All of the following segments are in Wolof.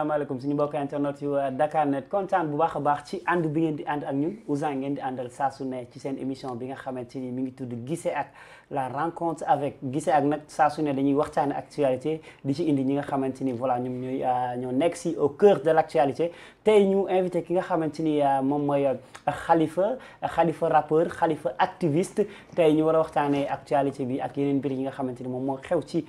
asalaamaaleykum suñu mbokk internet yu euh, Dakar Net kontaan bu baax a baax ci ànd bi ngeen di ànd ak ñun Ouzin ngeen di àndal saa su ci seen émission bi nga xamante ni mu ngi tudd Guissé ak la rencontre avec gisee ak nag saa su ne dañuy waxtaane actualité di ci indi ñi nga xamante ni voilà ñoom ñooy euh, ñoo nekk si au cœur de l' actualité tey ñu invité ki nga xamante ni euh, moom mooy xalifa euh, Khalifa rappeur Khalifa activiste tey ñu war a waxtaanee actualité bi ak yeneen mbir ñi nga xamante ni moom moo xew ci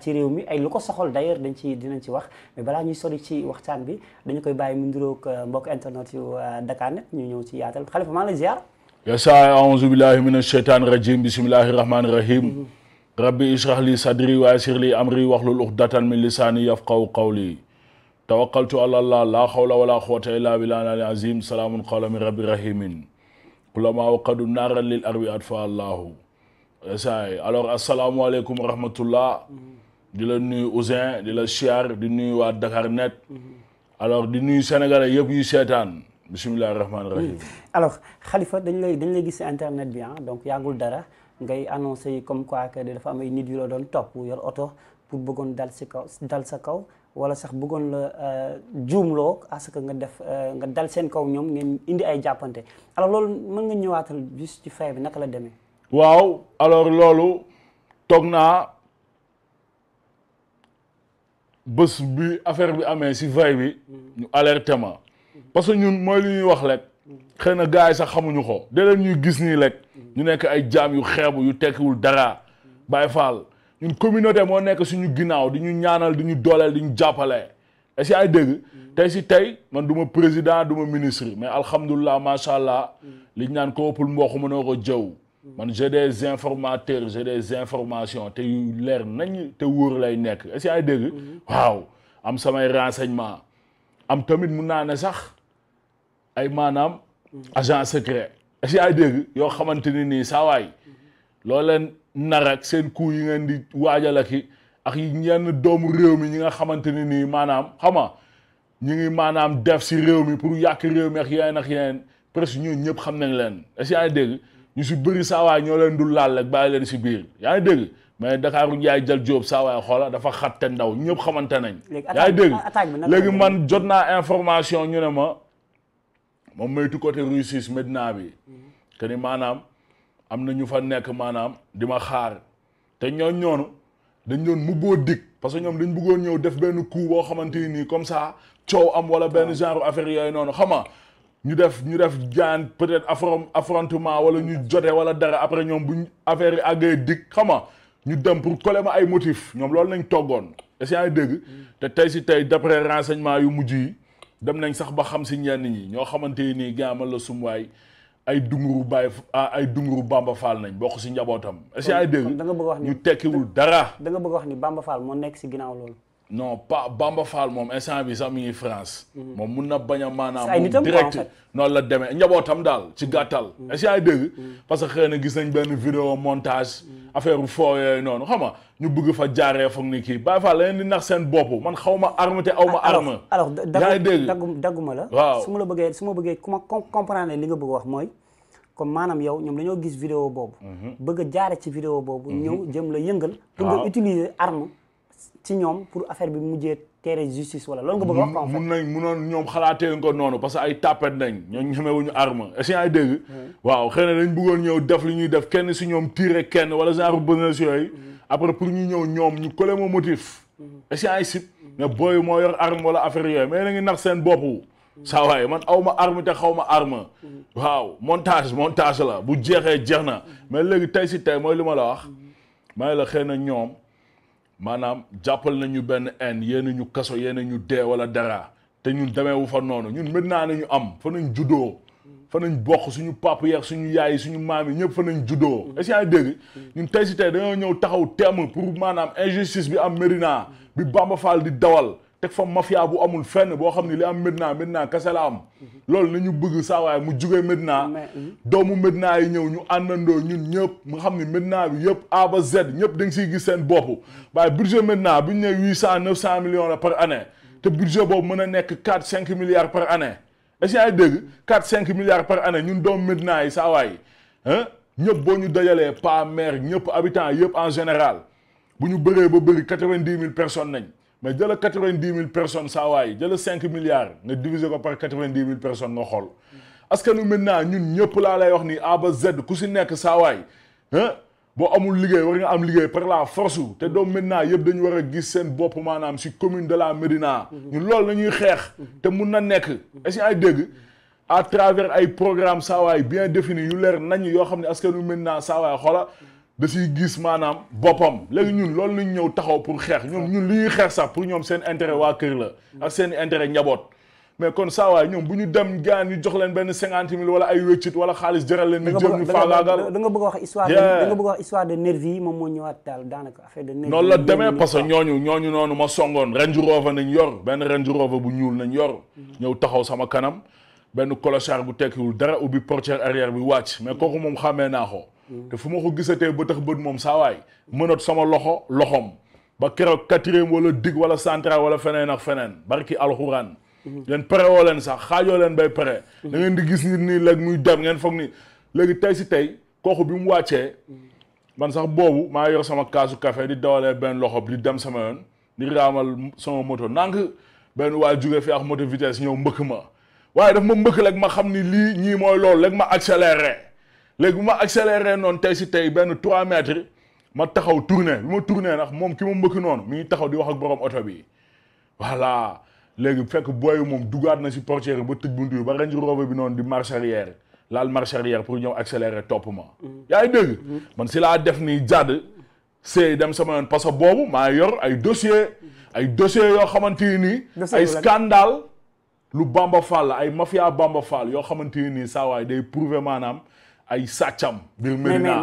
ci réew mi ay lu ko soxal d'ailleurs dañ ci dinañ ci wax mais balaa ñuy sori ci waxtaan bi dañu koy bàyyi mu nduroog mbokk internet yu Dakarnet ñu ñëw ci yaatal Khalifa maa ngi yasa aouzu billahi min asheytaani rajim bismillahi rahmaani rahim rabbi israh li sadri wa yassir li amri wahlul uqdatan min lisaani yafqahu qawli tawakkaltu ala allah la hawla wala quwwata illa billahi al azim salaamun qawlan min rabbi rahimin kulama waqadu naaran lil arwi atfa allahu yasaay alors asalaamualeykum wa rahmatullah di la nuyu Ousin di la siyaar di nuyu waa Dakar Net mm-hmm. alors di nuyu sénégalais yëpp yu seetaan bisimilah rahmaani rahim. Hmm. alors Khalifa dañ lay dañ lay gis si internet bi ah donc yàngul dara ngay annoncé comme quoi que dafa am ay nit yu la doon topp yor oto pour bëggoon dal si kaw dal sa kaw wala sax bëggoon la euh, juumloo parce que nga def euh, nga dal seen kaw ñoom ngeen indi ay jàppante alors loolu mën nga ñëwaatal juste ci fay bi naka la demee. waaw alors loolu toog naa bés bi affaire bi amee si fay bi. Hmm. ñu alerté ma. parce que ñun mooy lu ñuy wax rek xëy na gars yi sax xamuñu ko dee leen ñuy gis nii rek ñu nekk ay jaam yu xeebu yu tekkiwul dara Baye Fall ñun communauté moo nekk suñu ginnaaw di ñu ñaanal di ñu dooleel di ñu jàppale ay dégg tey si tey man du ma président du ma ministre mais alhamdulilah macha allah li ñu naan ko ëppul mboq mënoo ko jëw man j'ai des informateurs j'ai des informations te yu leer nañ te wóor lay nekk est ay dégg mhm. waaw am samay renseignement am tamit mun naa ne sax ay maanaam agent secret si ay dégg yoo xamante ni nii saawaay loo leen nar seen coup yi ngeen di waajal ak ak yenn doomu réew mi ñi nga xamante ni nii maanaam xama ñu ngi maanaam def si réew mi pour yàq réew mi ak yeneen ak yeneen presque ñun ñëpp xam nañ leen est-ce que yaa ñu si bëri saawaay ñoo leen dul laal rek bàyyi leen si biir yaa ngi mais Dakaaru Njaay jël Jóob saa waay xoola dafa xatte ndaw ñëpp xamante nañ yaa ngi dégg léegi man jot naa information ñu ne ma moom moytu côté Russie Medina bi mm-hmm. que ni maanaam am na ñu fa nekk maanaam di ma xaar te ñooñ ñoonu dañ doon mu boo dig parce que ñoom dañ buggoon ñëw def benn coup boo xamante ni nii comme ça coow am wala benn ah. genre affaire yooyu noonu xama ñu def ñu def jaan peut-être affrontement wala ñu jote wala dara après ñoom buñ affaire yi àggee dig xama ñu dem pour coller ma ay motif ñoom loolu nañ toggoon est-ce dégg te tey si tey d'après renseignement yu mujj yi dem nañ sax ba xam si ñenn yi ñoo xamante nii gaamal la sumuwaay ay dunguru baay ah, ay dunguru Bamba Fall nañ bokk si njabootam. est-ce que yaa ngi dégg ñu tekkiwul dara. da nga bëgg wax ni Bamba Fall moo nekk si ginnaaw loolu. non pa Bamba Fall moom instant bi sax mi ngi France. Mhm. moom mun na bañ a maanaam. ay nitam direct noonu la demee njabootam daal ci gàttal. Mhm. est-ce que mhm. parce que xëy na gis nañ benn vidéo montage. affaire foo yooyu noonu xam nga ñu bëgg fa jaaree foog ni kii Baye Fall leen nax seen bopp man xaw ma arme te aw ma ah, arme. alors dagg dagguma la. waaw su ma la bëggee su ma bëggee ku ma comprendre li nga bëgg wax mooy. comme maanaam yow ñoom lañoo gis vidéo boobu. bëgg a jaare ci vidéo boobu. ñëw jëm la yëngal. pour nga ci ñoom pour affaire bi mujjee teere justice wala loolu nga bëgg a wax. en fait mun nañ munoon ñoom xalaatee ko noonu parce que ay tapet nañ ñoo ñemewuñu arme est ce ay dégg. Hmm. waaw xëy na dañ bëggoon ñëw def li ñuy def kenn si ñoom tiire kenn wala genre business yooyu. Hmm. après pour ñu ñëw ñoom ñu collé mo motif. Hmm. est ce ay sip. ne booy moo yor arme wala affaire yooyu mais na ngi nax seen bopp. saa waay man aw ma arme te xaw ma arme. waaw montage montage la bu jeexee jeex na. mais léegi tey si mooy li ma la wax. may la xëy na ñoom. maanaam jàppal ñu benn haine yéen ñu kaso yéen ñu dee wala dara te ñun demeewu fa noonu ñun mën naa ñu am fa nañ juddoo fa nañ bokk suñu papa yeeg suñu yaay suñu maam yi ñëpp fa nañ juddoo mm-hmm. est-ce que yaa dégg mm-hmm. ñun tey si tey dañoo ñëw taxaw temm pour maanaam injustice bi am Médina bi Bamba Fall di dawal teg fa mafia bu amul fenn boo xam ni li am Medina Medina kese la am loolu na ñu bëgg saa waaye mu jugee Medina hmm. doomu Medina yi ñëw ñu àndandoo ñun ñëpp mu xam ne Medina bi yëpp A ba Z ñëpp da nga siy gis seen bopp waaye budget Medina bu ñu ne huit cent neuf cent millions la par année te budget boobu mën a nekk quatre cinq par année est-ce que dégg quatre cinq milliards par année ñun doomu Medina yi saa waay ñëpp boo ñu dajalee pas maire ñëpp habitants yëpp en général bu ñu bëree ba bëri quatre-vingt-dix mille personnes nañ mais jëla quatre-vingt-dix mille personnes saa waay jëla cinq milliards nga diviser ko par quatre-vingt-dix mille personnes nga xool askanu maintenant ñun ñëpp laa lay wax ni A Z ku si nekk saa waay boo amul liggéey war nga am liggéey par la force te doom maintenant yëpp dañu war a gis seen bopp maanaam si commune de la Médina ñun loolu la ñuy xeex te mun na nekk est-ce que ay dégg à travers ay programme saa waay bien défini yu leer nañ yoo xam ne askanu maintenant saa waay xoola da siy gis maanaam boppam léegi ñun loolu lañ ñëw taxaw pour xeex ñoom ñun li ñuy xeex sax pour ñoom seen intérêt waa kër la ak seen intérêt njaboot mais kon saa waay ñoom bu ñu dem gaan ñu jox leen benn cinquante mille wala ay wéccit wala xaalis jaral leen ni jël ñu faagaagal da bëgg a wax histoire nga bëgg a wax histoire de nervi yi moom moo ñëwaat daal daanaka affaire de nervi noonu la demee parce que ñooñu ñooñu noonu ma songoon Range Rover nañ yor benn Range Rover bu ñuul nañ yor mhm. ñëw taxaw sama kanam benn clochard bu tekkiwul dara ubbi portière arrière bi wàcc mais kooku moom xàmmee ko te fu ma ko gisatee ba tax bët moom saa waay mënat sama loxo loxoom ba keroog quatrième wala dig wala central wala feneen ak feneen barki alxuraan. leen pare woo leen sax xaajoo leen bay pare. da ngeen di gis nit nii léegi muy dem ngeen foog ni léegi tey si tey kooku bi mu wàccee. man sax boobu maa yor sama kaasu café di dawalee benn loxo li dem sama yoon di raamal sama moto nank benn waa jóge fi ak moto vitesse ñëw mbëkk ma waaye daf ma mbëkk rek ma xam ni lii ñii mooy loolu rek ma accéléré. léegi bu ma accéléré noonu tey si tey benn 3 mètres ma taxaw tourné bi ma tourné ndax moom ki ma mbëkk noonu mu ngi taxaw di wax ak borom oto bi voilà léegi fekk booyu moom dugaat na si portière ba tëj buntu bi ba Range Rover bi noonu di marche laal marche arrière pour ñëw accéléré topp ma. yaa ngi dégg. man si laa def nii jàdd seey dem sama yoon parce que boobu maa yor ay dossier ay dossier yoo xamante ni. ay scandale lu Bamba Fall la ay mafia Bamba yoo xamante ni saa waay day prouver maanaam. ay sàccam biir Medina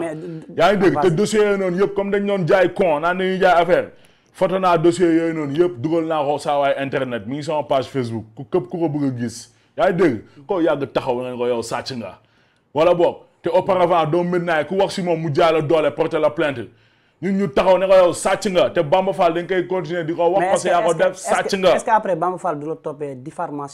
yaa ngi dégg te dossiers yooyu noonu yëpp comme dañ doon jaay con naan dañuy jaay affaire foto naa dossiers yooyu noonu yëpp dugal naa ko saa waay internet mi ngi sama page Facebook ku képp ku ko bëgg a gis yaa ngi dégg koo yàgg taxaw nañ ko yow sàcc nga wala boog te auparavant doomu Medina ku wax si moom mu jaay la doole porter la plainte ñun ñu taxaw ne ko yow sàcc nga te Bamba Fall dañ koy continuer di ko wax. parce que yaa ko def sàcc nga est-ce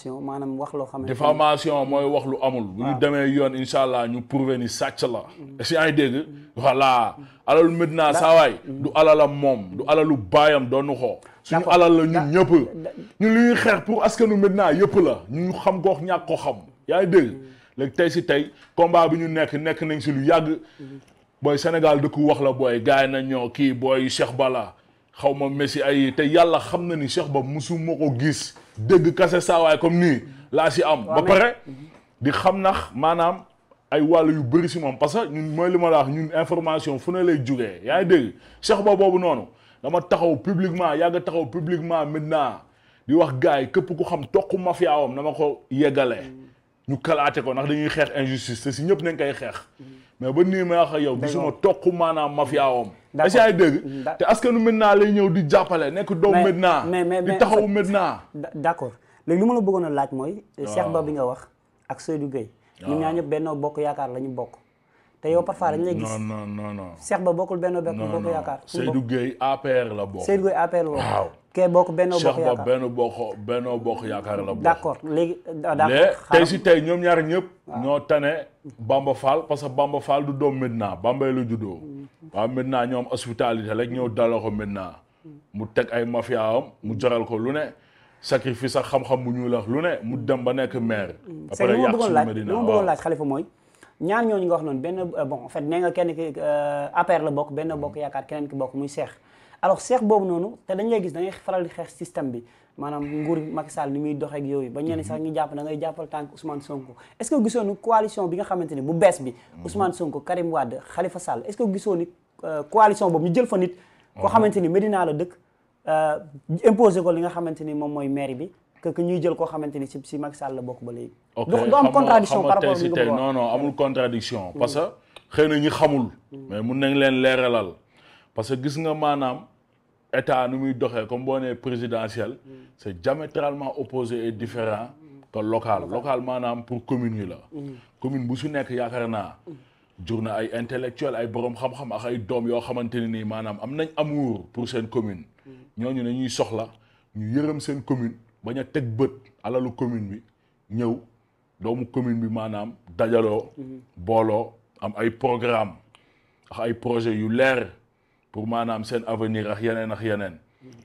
maanaam wax loo xam ne. diffamation mooy wax lu amul. bu ñu demee yoon incha allah ñu prouver ni sàcc la. si yaa ngi dégg voilà. alalu Medina saawaay. Mm. du alalam moom du alalu baayam doonu xoo. suñu alal la ñun ñëpp. ñun li ñuy xeex pour askanu Medina yëpp la ñu xam ko ñàkk ko xam. yaa ngi dégg mm. léegi tey si tey combat bi ñu nekk nekk nañ si lu yàgg. Mm. booy Sénégal dëkku wax la booy gars yi na ñoo kii booy Cheikh Bala xaw ma Messi ay te yàlla xam na ni Cheikh Ba musuma ko gis dëgg kase saawaay comme nii laa si am. ba pare di xam nax maanaam ay wàll yu bëri si moom parce que mooy li ma la wax ñun information fu ne lay jugee yaa ngi dégg Cheikh Ba boobu noonu dama taxaw publiquement yàgg taxaw publiquement maintenant di wax gars yi képp ku xam toq mafiaawam na ma ko yeggalee. ñu kalaate ko ndax dañuy xeex injustice te si ñëpp nañ koy xeex mais ba nii may wax ak yow gisuma toq maanaam mafiaawam est-ce ay dégg te askanu Médina lay ñëw di jàppale nekk doomu Médina di taxawu Médina d'accord léegi li ma la bëggoon a laaj mooy Cheikh Ba bi nga wax ak Seydou Gueye ñun ñaa ñëpp Benno Bokk Yaakaar la ñu bokk te yow parfois dañ lay gis non non non Cheikh Ba bokkul Benno Bokk Yaakaar Seydou Gueye APR la bokk Seydou Gueye APR la bokk waaw kee bokk Benno Bokk Yaakaar Cheikh Benno Bokk Yaakaar la bokk. d'accord léegi d'accord mais ñaar ñëpp. ñoo tane Bamba Fall parce que Bamba du doom Medina Bambey la mm-hmm. ñoom hospitalité rek ñëw daloo ko mu teg ay mafia mu jaral ko lu ne. sacrifice ak xam-xam bu ñu la lu ne mu dem ba nekk maire. Mm-hmm. après yàq suñu Medina bëggoon laaj xalifa mooy. ñaar ñooñu nga wax noonu benn euh, nee nga kenn ki euh, APR la bokk benn bokk mm-hmm. yaakaar keneen ki bokk muy Cheikh. alors xeex boobu noonu te dañ lay gis da ngay faral di xeex système bi maanaam nguur Macky Sall ni muy doxee ak yooyu ba ñenn sax ñu jàpp da ngay jàppal tànk Ousmane Sonko est-ce que gisoon ni coalition bi nga xamante ni bu bees bi mhm. Ousmane Sonko Karim Wade Khalifa Sall est-ce gisoon ni euh, coalition boobu ñu jël fa nit koo mhm. xamante Medina la dëkk euh, imposé ko li nga xamante ni moom mooy maire bi que que ñuy jël koo xamante ni si si Macky Sall la bokk ba léegi du am contradiction par rapport si tey non non amul contradiction mhm. parce xëy na ñi xamul mun nañ leen leeralal parce que état nu muy doxee comme boo nee présidentiel c' est diamétralement opposé et différent que local local maanaam pour commune yi la mm-hmm. commune bu su nekk yaakaar naa mm-hmm. jur na ay intellectuel ay borom xam-xam ak ay doom yoo xamante ne nii maanaam am nañ amour pour seen commune mm-hmm. ñoo ñu ne ñuy soxla ñu yërëm seen commune bañ a teg bët alalu commune bi ñëw doomu commune bi maanaam dajaloo booloo am ay programme ak ay projet yu leer pour maanaam seen avenir ak yeneen ak yeneen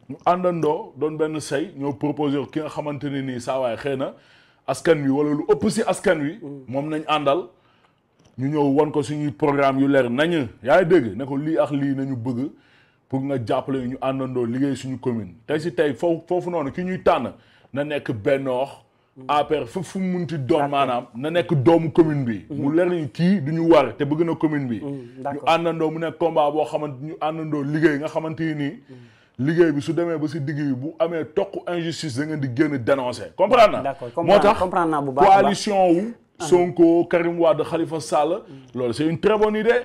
ñu àndandoo doon benn say ñoo proposer ki nga xamante ne nii saa waay xëy na askan wi wala lu ëpp si askan wi moom nañ àndal ñu ñëw won ko suñuy programme yu leer nañu yaa ngi dégg ne ko lii ak lii nañu bëgg pour nga jàppale ñu àndandoo liggéey suñu commune tey si tey foofu foofu noonu ki ñuy tànn na nekk bennoox APR fépp fu mu munti doon maanaam na nekk doomu commune bi mm-hmm. mu leer nañu kii du ñu war te bëgg na commune bi mm-hmm. ñu àndandoo mu nekk combat boo xamante ñu àndandoo liggéey nga xamante yi nii mm-hmm. liggéey bi su demee ba si digg bi bu amee toq injustice da ngeen di génn dénoncer comprendre na moo tax coalition wu ah. Sonko Karim Wade Khalifa Sall loolu c'est une très bonne idée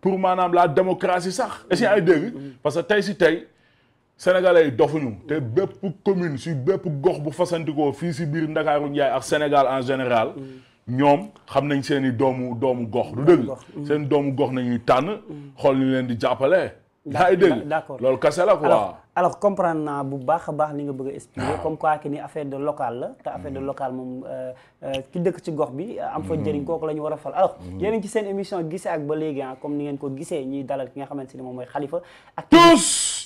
pour maanaam la démocratie sax est-ce ay dégg parce que tey si tey sénégalais yi dofuñu te bépp commune si bépp gox bu fasantikoo fii si biir ndakaaru njaay ak sénégal en général ñoom xam nañ seen i doomu doomu gox du dëgg seen doomu gox nañuy tànn mm. xool ñu leen di jàppale daa ngi dégg loolu kese la quoi alors comprendre naa bu baax a baax ni nga bëgg a expliquer ah. comme quoi que ni affaire de local la te affaire de mm. local moom euh, euh, ki dëkk ci gox bi euh, am fa mm. njëriñ kooku la ñu war a fal alors yéen a ngi ci seen émission gisee ak ba léegi ah, comme ni ngeen ko gisee ñuy dalal ki nga xamante ni moom mooy xalifa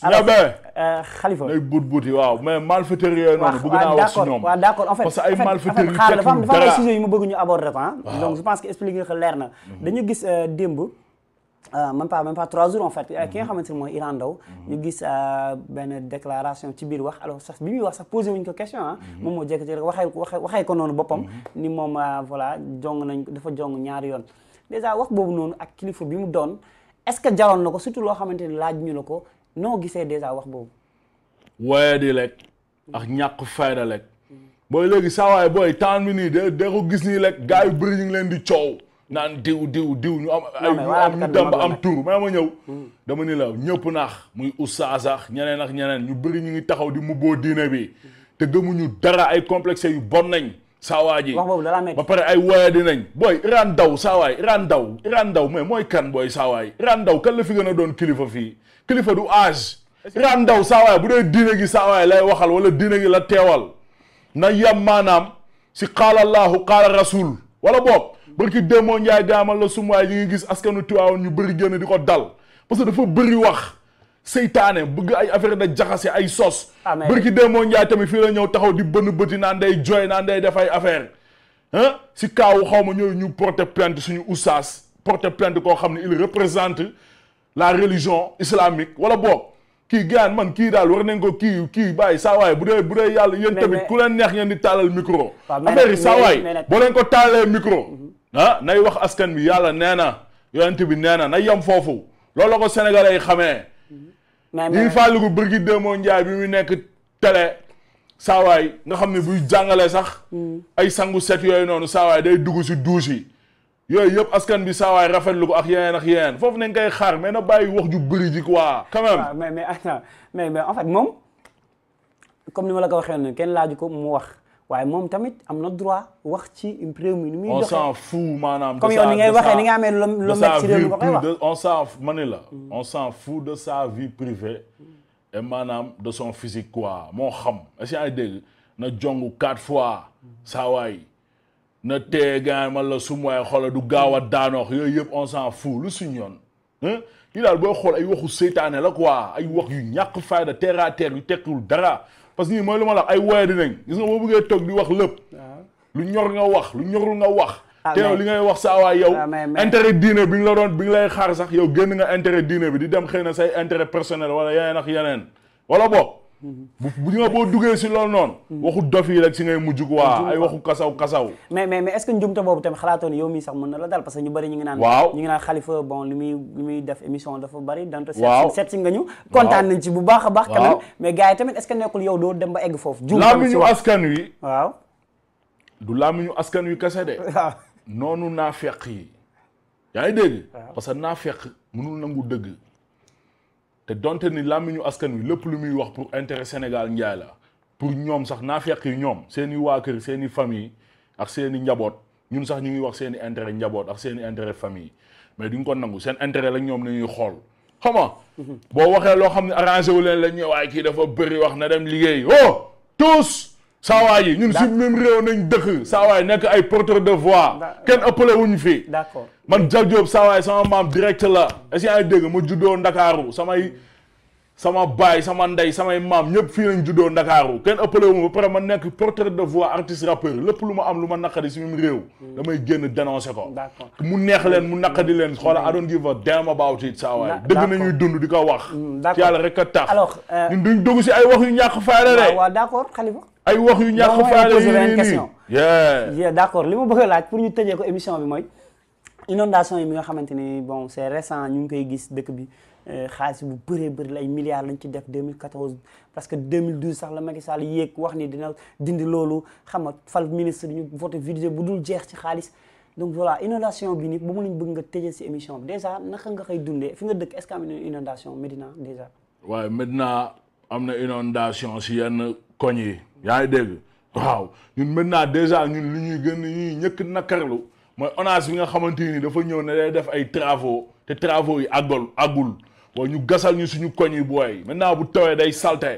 ñebe euh, xalifa nay buut buuti waaw mais malfaiteurs yooyu noonu bëgg naa wax si ñoom waaw d'accord en fait parce que ay malfaiteurs yu mhm. gis euh, démb euh, même pas même pas trois jours en fait ki nga xamante ne mooy Iran mhm. ñu gis benn déclaration ci biir wax alors sax bi muy wax ko question ah moom moo jékki-jékki rek waxee waxee waxee ko noonu boppam ni moom voilà jong nañ dafa jong ñaari yoon déjà wax boobu noonu ak kilifa bi mu doon est-ce que jaroon na ko surtout loo xamante ni laaj ñu la ko noo gisee dèjà wax boobu. waaye di lekk ak ñàkk fayda lekk booy léegi saa booy temps bi nii de de ko gis nii lekk gars yu bëri ñu leen di coow naan diw diw diw ñu am. ay ñu am ñu dem ba am tur ma ma ñëw. Hmm. dama ni la ñëpp naax muy oustaz sax ñeneen ak ñeneen ñu bëri ñu ngi taxaw di mubboo diine bi hmm. te gëmuñu dara ay complexe yu bon nañ. saawaa ji ba pare ay waaya dinañ booy Iran Daw saawaay Iran Daw Iran Daw mais mooy kan booy saawaay Iran Daw kan fi gën a doon kilifa fii kilifa du âge Iran Daw saawaay bu dee diine gi saawaay lay waxal wala diine gi la teewal na yam maanaam si qaala Allahu qaala rasul wala boog barki démoo njaay daamal la sum waay yi ngi gis askanu Tiwaawan ñu bëri génn di ko dal parce que dafa bëri wax seytaane bëgg ay affaire da jaxase ay sos. amee barki Demba Ndiaye tamit fii la ñëw taxaw di bënn bëti naan day jooy naan day def ay affaire ah si kaawu xaw ma ñooy ñu porter plainte suñu oustaz porter plainte koo xam ne il représente la religion islamique wala boog kii gaan man kii daal war nañ ko kii kii bàyyi saa waay bu dee bu dee yàlla yéen tamit ku leen neex ngeen di taalal micro. affaire yi saa boo leen ko taalee micro. Mhm. ah nay wax askan bi yàlla nee na yonent bi nee na na yem foofu mais mais fàlliku bërki démoo njaay bi mu nekk télé saawaay nga xam ne buy jàngale sax. Hmm. ay sangu set yooyu noonu saawaay day dugg si douche yi. yooyu yëpp askan bi saawaay rafetlu ko ak yeneen ak yeneen foofu nañ koy xaar mais na bàyyi wax ju bëri ji quoi. quand même mais mais mais mais en fait moom comme ni ma la ko waxee noonu kenn laaj ko mu wax. waaye moom tamit am na droit wax ci réew mi ni muy doxee on s'en maanaam. comme yow ni ngay waxee ni nga amee loo loo métti ci réew mi waxee wax on s'en ma ne la. Mm. on s'en fout de sa vi privée. et maanaam de son physique quoi moo xam est-ce que dégg fois saa waay na tee gars la su ma xoolal du gaaw a daanoox yooyu yëpp on s'en fout lu suñu yoon. lii daal boo xool ay waxu seytaane la quoi ay wax yu ñàkk fayda terre à yu tekkul dara. parce que ñii ma la ay wooye dinañ gis nga boo bëggee toog di wax lépp lu ñor nga wax lu ñorul nga wax ah, te yow li ngay wax saa waay yow ah, intérêt diine bi nga la doon bi lay xaar sax yow génn nga intérêt diine bi di dem xëy na say intérêt personnel wala yeneen ak yeneen wala boog bu ñu boo duggee si loolu noonu. waxu dof yi rek si ngay mujj waa ay waxu kasaw kasaw. mais mais mais est boobu tamit xalaatoon yow mii sax mën na la dal parce que ñu bëri ñu ngi naan. xalifa bon li muy def émission dafa bëri. waaw donc seet si nga ñu. kontaan nañ ci bu baax a baax. quand mais gars yi tamit est nekkul yow doo dem ba egg foofu. juum tamit laamiñu askan wi. waaw. du laamiñu askan wi kese de. waaw noonu naafeq yi. yaa ngi dégg. parce que naafeq mënul nangu dëgg te donte ni làmmiñu askan wi lépp lu muy wax pour intérêt Sénégal njaay la pour ñoom sax naafeq yi ñoom seeni waa kër seen i famille ak seeni njaboot ñun sax ñu ngi wax seen i intérêt njaboot ak seen i intérêt famille mais duñ ko nangu seen intérêt la ñoom na ñuy xool xam boo waxee loo xam ne arrangé wu leen la ñu waaye kii dafa bëri wax na dem liggéey oh tous saawaay yi ñun si même réew nañ dëkk saawaay nekk ay porteur de voix kenn ëppale wuñ fii d'accord man Jal Diop saa waay sama maam direct la est-ce que dégg ma juddoo Ndakaaru samay sama baay sama ndey samay maam ñëpp fii lañ juddoo Ndakaaru kenn ëppale ma ba pare ma nekk porteur de voix artiste lépp lu ma am lu ma naqari si même réew. Hmm. damay génn dénoncé ko. mu neex leen mu naqadi leen hmm. xoola I don't give a damn about it saa waay. dëgg nañuy dund di ko wax. Hmm, ci yàlla rek a tax. alors euh, ñun dugg si ay wax yu ñàkk fayda de. waaw d'accord Khalifa ay wax yu ñàkk fayda yi nii. d' accord li ma bëgg a laaj pour ñu tëjee ko émission bi mooy inondation yi mi nga xamante ni bon c'est récent ñu ngi koy gis dëkk bi euh, xaalis bu bëree bëri la ay milliards lañ ci def 2014 parce que 2012 sax la Macky Sall yéeg wax ni dindi loolu xam nga fal ministre ñu voté budget bu dul jeex ci xaalis donc voilà inondation bi ni ba mu lañ bëgg nga tëjee si émission bi déjà naka nga koy dundee fi nga dëkk est-ce que am na inondation Médina déjà waaye Médina am na inondation si yenn koñ yi yaa ngi dégg waaw ñun Médina déjà ñun lu ñuy gën ñuy ñëkk nakarlu mooy ONAS bi nga xamante ni dafa ñëw ne day def ay travaux te travaux yi àggul àggul waaw ñu gasal ñu suñu koñ yi booy maintenant bu tawee day salte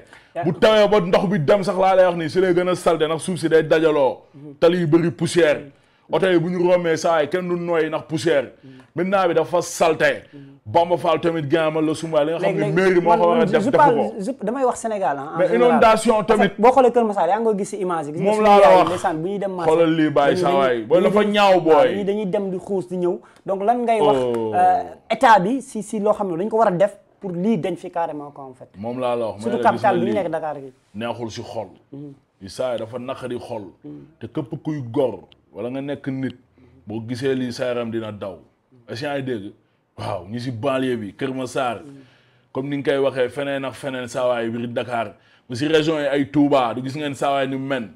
bu tawee ba ndox bi dem sax laa lay wax ni si lay gën a salte nag suuf si day dajaloo mhm. tali yu bëri poussière oto yi bu ñu rommee saa yi kenn du nooyi ndax poussière maintenant bi dafa salte Bamba Fall tamit gànnaama la Sumbaay li nga xam ne mairie moo damay wax Sénégal ah mais inondation tamit boo xoolee Kër Massar yaa gis images yi moom laa la wax bu dem xoolal lii bàyyi saa waay booy dafa ñaaw booy dañuy dem di xuus di ñëw donc lan ngay wax oh. euh, état bi si si loo xam ne dañ ko war a def pour lii dañ fi carrément quoi en fait moom laa la wax surtout capital bi ñu nekk Dakar gi neexul si xol mm-hmm. yi saa yi dafa naqari xol mm-hmm. te képp kuy gor wala nga nekk nit boo gisee lii sa yaram dina daw asiant ay dégg waaw ñu si banlieue bi Kër Massar comme ni nga koy waxee feneen ak feneen saawaay biir Dakar mu si région yi ay Touba du gis ngeen saawaay ni men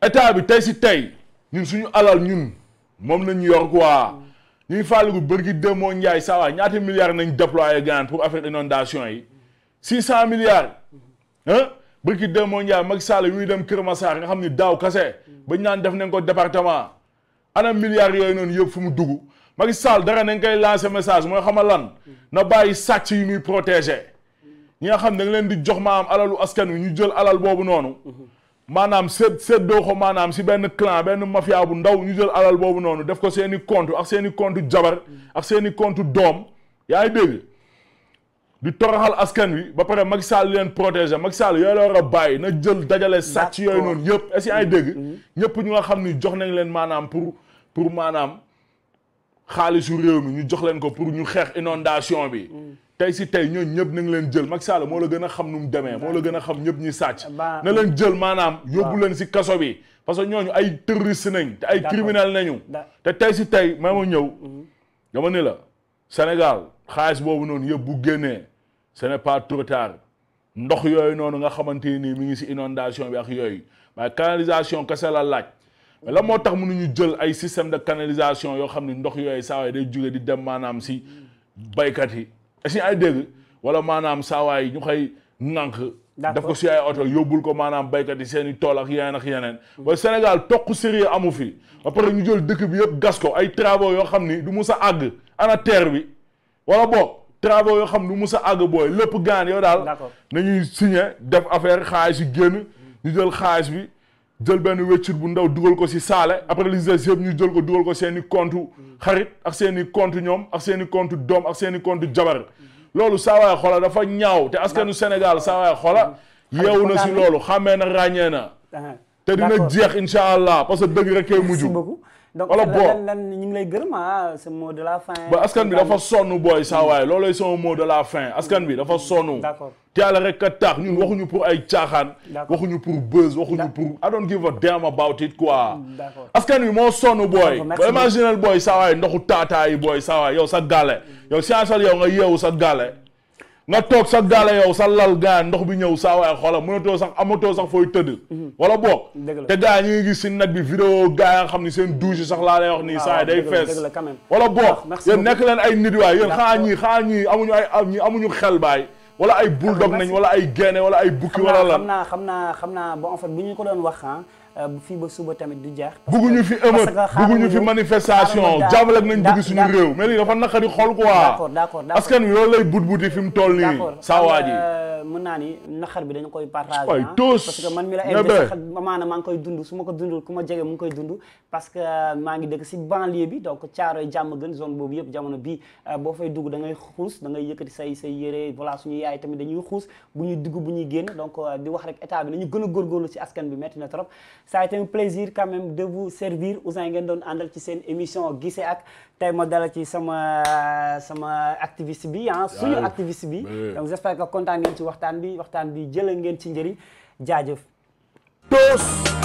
état bi tey si tey ñun suñu alal ñun moom lañu yor quoi ñu ngi fàlligu bërgi démoo njaay saawaay ñaata milliards nañ déployé gaan pour affaire inondation yi six cent milliards ah bëgg Demba Ndiaye Macky Sall yuy dem Kër Massar nga xam ni daaw kase bañ naan def nañ ko département ana milliards yooyu noonu yëpp fu mu dugg Macky Sall dara nañ koy lancer message mooy a lan na bàyyi sàcc yi muy protéger ñi nga xam ne nga leen di jox maanaam alalu askan wi ñu jël alal boobu noonu. maanaam seet seetloo ko maanaam si benn clan benn mafia bu ndaw ñu jël alal boobu noonu def ko seen i compte ak seeni i compte jabar ak seeni i doom yaa di toroxal askan wi ba pare mag Sall leen protéger mag Sall yooyu la war a bàyyi na jël dajale sàcc yooyu noonu yëpp est-ce que ay dégg mm-hmm. ñëpp ñu nga xam ni jox nañ leen maanaam pour pour maanaam xaalisu réew mi ñu jox leen ko pour ñu xeex inondation bi mm-hmm. tey si tey ñooñu ñëpp na nga leen jël mag Sall moo la gën a xam nu mu demee moo la gën a xam ñëpp ñi sàcc na leen jël maanaam yóbbu leen si kaso bi parce que ñooñu ay terroriste nañ te ay criminel nañu te tey si tey maa ñëw mm-hmm. dama la Sénégal xaalis boobu noonu yëpp bu génnee ce n'est pas trop tard ndox yooyu noonu nga xamante nii mu ngi si inondation bi ak yooyu waaye canalisation kese la laaj la moo tax nu ñu jël ay système de canalisation yoo xam ni ndox yooyu saawaay day juge di dem maanaam si baykat yi est ay dégg wala maanaam saawaay ñu koy ŋànk daf ko si ay oto yóbbul ko maanaam baykat yi seen i tool ak yeneen ak yeneen ba Sénégal toq sérieux amu fi ba pare ñu jël dëkk bi yëpp gas ko ay travaux yoo xam ni du mus a àgg ana bi wala travaux yoo xam nu mus a àgg booy lépp gaan yow daal nañuy signé def affaire xaalis yi génn ñu jël xaalis bi jël benn wéccur bu ndaw dugal ko si saale après li des yëpp ñu jël ko dugal ko seen i compte xarit ak seeni i ñoom ak seeni i doom ak seeni i compte jabar loolu saa waay xola dafa ñaaw te askanu Sénégal saa waay xola yeewu na si loolu xàmmee na ràññee na ah. te dina jeex incha allah parce que dëgg rek kay mujj donc lan lan ñu ngi lay gërëm ah sa de la fin. askan bi dafa sonn booy saa hmm. waay loolooy sama mot de la fin askan bi dafa hmm. sonn. d'accord yàlla rek a tax ñun waxuñu pour ay caaxaan. waxuñu pour buzz waxuñu pour. I don't give a damn about it quoi. Hmm, askan bi moo sonn booy. ba imaginel booy saa waay ndoxu taataayi booy saa waay sa gàlle. yow si yow nga yeewu sa gàlle. nga toog sax daala yow sa lal gaa ndox bi ñëw saa waay xoola mënatoo sax amatoo sax fooy tëdd mhm. wala boog te gaa ñu ngi gis si net bi vidéo gaa ya nga xam ni seen douche sax laa lay wax nii saa day fees wala boog yéen nekk leen ay nit waay yéen xaa ñii xaa ñii amuñu ay amuñu xel baay wala ay bulldog nañ wala ay génne wala ay bukki wala lan xam naa xam naa xam naa bon en fait bu ñu ko doon wax ah, Euh, fii ba suba tamit du jeex. bugguñu fi émeute bugguñu fi manifestation jàppale nañ dugg suñu réew. mais lii dafa naqari xol quoi. d'accord d'accord askan wi loolu lay budbuti fi mu toll nii. saa waa ji euh, mën naa ni naqar bi dañu koy partager. waay ah. toos man mi la invité sax maanaam ngi koy dund su ma ko dundul ku ma jege mu ngi koy dund. parce que euh, maa ngi dëkk si banlieue bi donc Caaroy jàmm gën zone boobu yëpp jamono bii boo fay dugg dangay ngay xuus da ngay yëkkati say say yëre voilà suñu yaay tamit dañuy xuus bu ñuy dugg bu ñuy génn donc di wax rek état bi nañu gën a góorgóorlu si askan bi metti na trop ça a été un plaisir quand même de vous servir Ouzin doon àndal ci seen émission gise ak tey ma dala ci sama sama activiste bi ah suñu activiste bi donc j'espère que kontaan ngeen ci waxtaan bi waxtaan bi jëlee ngeen ci njëriñ jaajëf